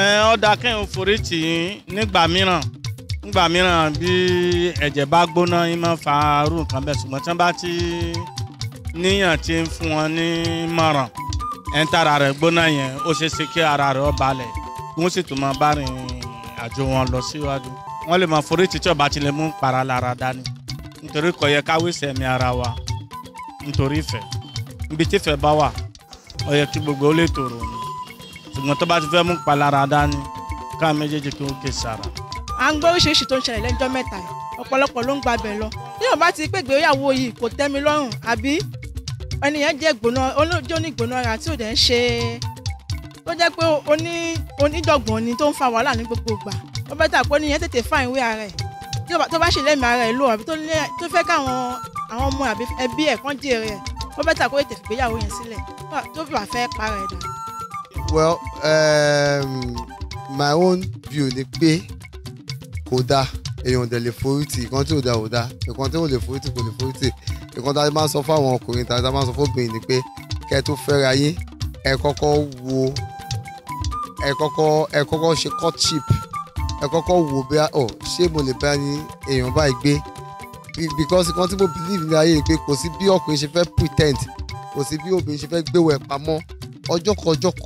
ọ̀dà kẹ́hìn foríṣì yín nígbà mìíràn nígbà mìíràn bí ẹ̀jẹ̀ bá gbóná yín máa fa irú nǹkan bẹ́ẹ̀ ṣùgbọ́n tí wọ́n bá ti níyàn ti ń fún wọn ní mọ̀ràn ẹ̀ ń tara rẹ̀ gbóná yẹn ó ṣeé ṣe kí ara rẹ̀ ó balẹ̀ wọ́n sì tún máa bá rìn àjò wọn lọ síwájú wọ́n lè máa foríṣì tí ọba ti lè mú para lára dání nítorí kò yẹ káwé sẹ̀mí ara wa nítorí ìfẹ́ ibi tí ìfẹ́ bá wà ó yẹ kí gbogbo ó lè tòrò ni ṣùgbọ́n tó bá ti fẹ́ mú palára dání ká méjèèjì kí wọ́n ké sára. à ń gbọ́ oríṣiríṣi tó ń ṣẹlẹ̀ lẹ́jọ́ mẹ́ta ọ̀pọ̀lọpọ̀ ló ń gba bẹ̀ lọ bí wọ́n bá ti pé ìgbéyàwó yìí kò tẹ́ mi lọ́rùn àbí ẹnìyẹn jẹ́ gbóná olójú onígbóná ara tí ò dẹ̀ ń ṣe tó jẹ́ pé oní onídọ̀gbọ̀n ni tó ń fa wàhálà ní gbogbo ìgbà ó bẹ́ tà pé oníyẹn tètè fà ìwé ara ẹ̀ tó bá ṣe lẹ́mìí ara ẹ̀ lò àbí tó fẹ́ káwọn àwọn ọmọ àbí ẹbí ẹ̀ kán jèrè ẹ̀ ó bẹ́ tà pé tètè gbéyàwó yẹn sílẹ̀ tó bá fẹ́ para ẹ̀ dànù well um, my own view ni pé kò dáa èèyàn ò dẹ̀ lè forí tì nǹkan tí ò dáa ò dáa nǹkan tí ò lè forí tì kò lè forí tì nǹkan tí a máa ń sọ fáwọn ọkùnrin tàbí tí a máa ń sọ fóbìnrin ni pé kẹ́ ẹ tó fẹ́ra yín ẹ kọ́kọ́ wo ẹ kọ́kọ́ ẹ kọ́kọ́ ṣe courtship ẹ kọ́kọ́ wo bí ọ oh, ṣé mo lè bá ní èèyàn báyìí gbé because nǹkan tí mo believe ní ayé ni pé kò sí bí ọkùnrin ṣe fẹ́ pretend kò sí bí obìnrin ṣe fẹ́ gbéwò ẹ̀ pamọ́ ọjọ́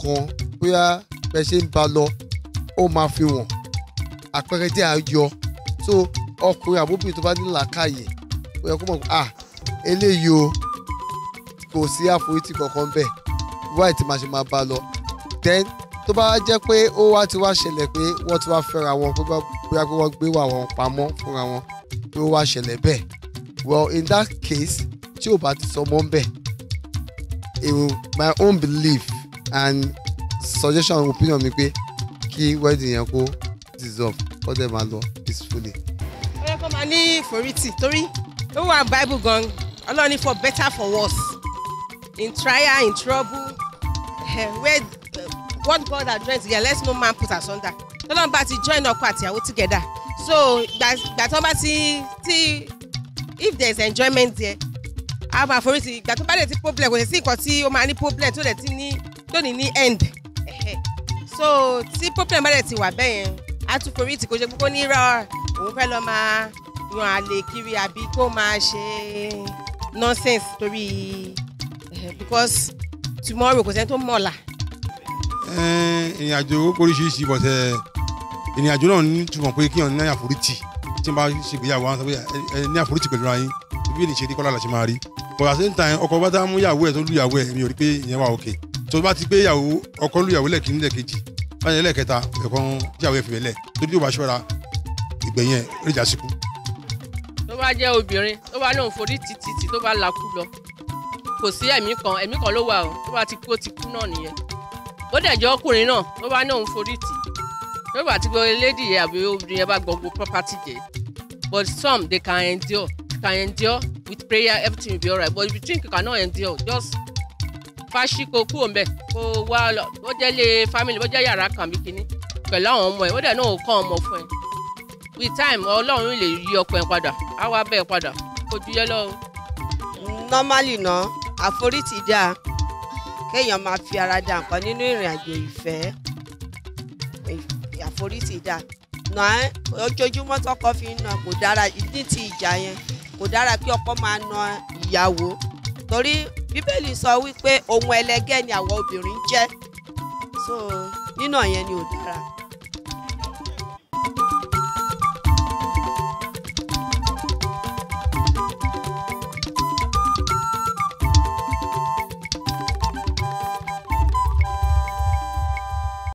kan bóyá bẹ́ ń ba lọ ó máa fi wọ̀n àpẹẹrẹ díẹ̀ á so ọkùnrin àbóbìnrin tó bá ní làákàyè ó yẹ kó mọ̀ ah eléyìí o kò sí àforítì kankan bẹ́ẹ̀ wáì tí màá ṣe máa bá lọ then tó bá jẹ́ pé ó wá ti wá ṣẹlẹ̀ pé wọ́n ti wá fẹ́ra wọn pé bóyá pé wọ́n gbé wà wọn pamọ́ fúnra wọn pé ó wá ṣẹlẹ̀ bẹ́ẹ̀ well in that case tí ò bá ti sọ mọ́ bẹ́ẹ̀ èwo my own belief and suggestion opinion mi pé kí wedding yẹn kó dissolve all dẹ̀ máa peacefully. ó yẹ kó máa ní forítì torí ó wà bible gan ọlọ́run ní for better for worse in trial in trouble uh, where uh, what God has joined together let no man put us asunder tọ́lọ́n bá ti join ọkọ àtìyàwó together so gbàtọ́ bá ti ti if there is enjoyment there a máa forí ìgbà tó bá lè ti problem kò sí nǹkan tí ó máa ní problem tó lè ti ní tó ní ní end so tí problem bá lè ti wà bẹ́ẹ̀ yẹn a tún forí tì kó ṣe gbogbo ní òun fẹ́ lọ máa yan àlè kiri àbí kó máa ṣe nonsense torí because tomorrow kò sẹ́ni tó mọ̀ ọ̀la. ìrìn àjò oríṣiríṣi bọ̀tẹ̀ eh, ìrìn àjò náà ní túmọ̀ pé kí ọ̀nà ní àforítì tí n bá ṣègbéyàwó eh, eh, ní àforítì pẹ̀lú ara yín bí ènìyàn ṣe rí kọ́lá la ṣe máa rí but at the same time ọkọ bá dá mú yàwó ẹ̀ tó lu yàwó ẹ̀ mi ò rí pé ìyẹn wà òkè tó bá ti pé yàwó ọkọ lu yàwó lẹ́ẹ̀kínní lẹ́ẹ̀kejì báyìí lẹ́ẹ̀kẹta ẹ̀kan yàwó ẹ̀ fìbẹ̀lẹ̀ torí tí ò bá ṣọ́ra ìgbẹ̀yìn ẹ̀ lè já síkú. tó bá jẹ́ obìnrin tó bá lóun forí títí tó bá lakú lọ kò sí ẹ̀mí kan ẹ̀mí kan ló wà o tó bá ti kú ó ti kú náà nìyẹn ó dẹ̀ jẹ́ ọkùnrin náà tó bá náà ń forí tì tó bá ti gbọ́ elédìí àbí obìnrin yẹn bá gbọ́ gbogbo property jẹ́ but some they can endure can endure with prayer everything will be alright but if you think you cannot endure just fasiko kúrò mbẹ kó wá lọ bó jẹ́ lé family bó jẹ́ yàrá kan bí kíní pẹ̀lú àwọn ọmọ ẹ̀ ó dẹ̀ náà ó kọ́ ọmọ fún ẹ with time ọlọ́run lè yí ọkọ ẹ padà á wá bẹ́ẹ̀ padà kojú yẹ lọ́wọ́. normally ná àforítì dáa kéèyàn máa fi ara da nǹkan nínú ìrìn àjò ìfẹ́ àforítì dáa náà ojoojúmọ́ tọkọ fi ń nà kò dára ní ti ìjà yẹn kò dára kí ọkọ máa na ìyàwó torí bíbélì sọ wípé ohun ẹlẹgẹ́ ni àwọn obìnrin jẹ́ so nínà yẹn ni ò dára.